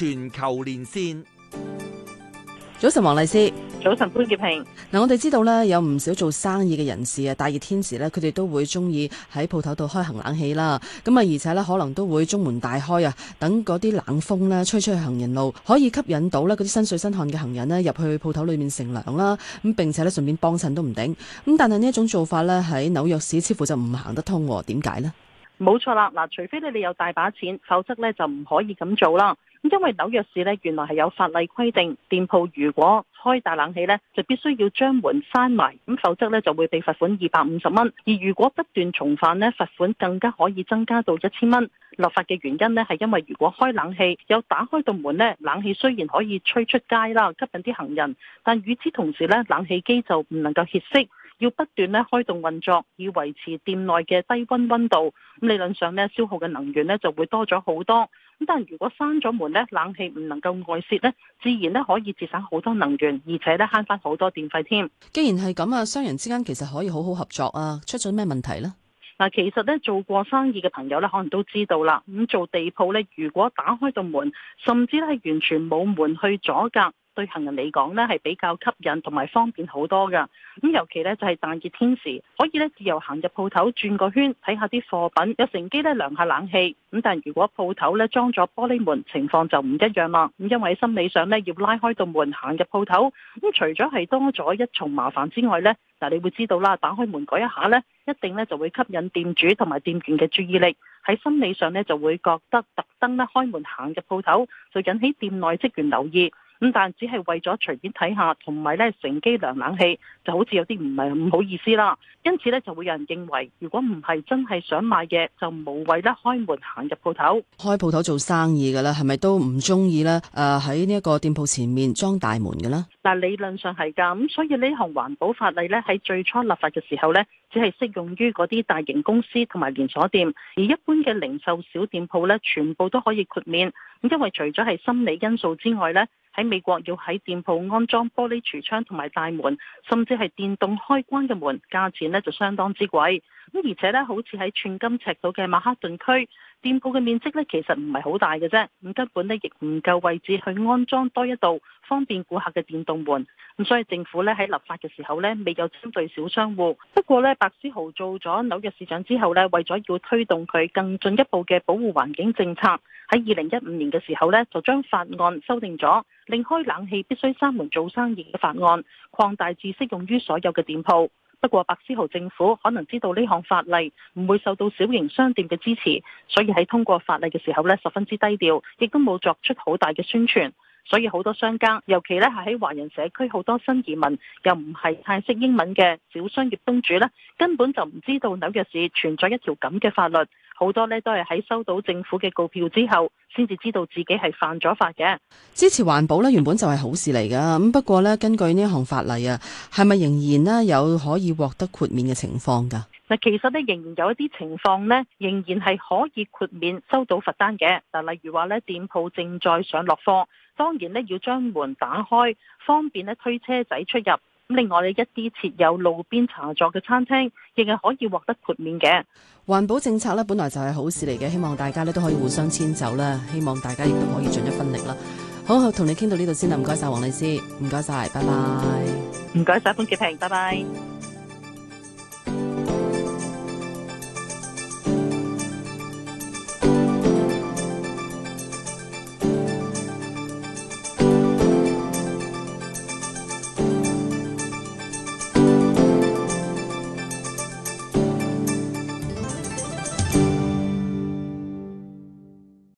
全球連線，早晨黃麗施，早晨潘潔平。嗱，我哋知道呢，有唔少做生意嘅人士啊，大熱天時呢，佢哋都會中意喺鋪頭度開行冷氣啦。咁啊，而且呢，可能都會中門大開啊，等嗰啲冷風呢吹出去行人路，可以吸引到呢嗰啲身水身汗嘅行人呢入去鋪頭裏面乘涼啦。咁並且呢，順便幫襯都唔定。咁但係呢一種做法呢，喺紐約市似乎就唔行得通啊，點解呢？冇錯啦，嗱，除非你你有大把錢，否則咧就唔可以咁做啦。因為紐約市呢，原來係有法例規定，店鋪如果開大冷氣呢，就必須要將門閂埋，咁否則呢就會被罰款二百五十蚊。而如果不斷重犯呢，罰款更加可以增加到一千蚊。立法嘅原因呢，係因為如果開冷氣有打開道門呢，冷氣雖然可以吹出街啦，吸引啲行人，但與此同時呢，冷氣機就唔能夠歇息。要不斷咧開動運作，以維持店內嘅低溫溫度。咁理論上，消耗嘅能源就會多咗好多。咁但係如果閂咗門，冷氣唔能夠外泄，自然可以節省好多能源，而且咧慳翻好多電費添。既然係咁啊，商人之間其實可以好好合作啊。出咗咩問題呢？嗱，其實呢做過生意嘅朋友可能都知道啦。咁做地鋪咧，如果打開到門，甚至係完全冇門去阻隔。對行人嚟講呢係比較吸引同埋方便好多㗎。咁尤其呢，就係大熱天時，可以呢自由行入鋪頭轉個圈，睇下啲貨品，有乘機呢涼下冷氣。咁但如果鋪頭呢裝咗玻璃門，情況就唔一樣啦。咁因為心理上呢，要拉開度門行入鋪頭，咁除咗係多咗一重麻煩之外呢，嗱，你會知道啦，打開門嗰一下呢，一定呢就會吸引店主同埋店員嘅注意力。喺心理上呢，就會覺得特登呢開門行入鋪頭，就引起店內職員留意。咁但只係為咗隨便睇下，同埋咧乘機涼冷氣，就好似有啲唔係唔好意思啦。因此咧，就會有人認為，如果唔係真係想買嘢，就無謂咧開門行入鋪頭。開鋪頭做生意嘅咧，係咪都唔中意咧？誒喺呢一個店鋪前面裝大門嘅咧？嗱，理論上係㗎。咁所以呢項環保法例咧，喺最初立法嘅時候咧，只係適用於嗰啲大型公司同埋連鎖店，而一般嘅零售小店鋪咧，全部都可以豁免。咁因為除咗係心理因素之外咧。喺美國要喺店鋪安裝玻璃櫥窗同埋大門，甚至係電動開關嘅門，價錢呢就相當之貴。咁而且呢，好似喺寸金尺土嘅曼克頓區。店鋪嘅面積咧，其實唔係好大嘅啫，咁根本咧亦唔夠位置去安裝多一道方便顧客嘅電動門，咁所以政府咧喺立法嘅時候咧，未有針對小商戶。不過咧，白思豪做咗紐約市長之後咧，為咗要推動佢更進一步嘅保護環境政策，喺二零一五年嘅時候咧，就將法案修訂咗，令開冷氣必須閂門做生意嘅法案擴大至適用於所有嘅店鋪。不過，白思豪政府可能知道呢項法例唔會受到小型商店嘅支持，所以喺通過法例嘅時候呢，十分之低調，亦都冇作出好大嘅宣傳。所以好多商家，尤其咧係喺華人社區，好多新移民又唔係太識英文嘅小商業東主咧，根本就唔知道紐約市存在一條咁嘅法律。好多咧都係喺收到政府嘅告票之後，先至知道自己係犯咗法嘅。支持環保咧，原本就係好事嚟噶。咁不過咧，根據呢一項法例啊，係咪仍然咧有可以獲得豁免嘅情況噶？嗱，其實咧仍然有一啲情況咧，仍然係可以豁免收到罰單嘅。嗱，例如話咧，店鋪正在上落貨。當然咧，要將門打開，方便咧推車仔出入。另外咧，一啲設有路邊茶座嘅餐廳，亦係可以獲得豁免嘅。環保政策咧，本來就係好事嚟嘅，希望大家咧都可以互相遷就啦。希望大家亦都可以盡一分力啦。好，好，同你傾到呢度先啦，唔該晒，黃麗施，唔該晒，拜拜。唔該晒，潘潔平，拜拜。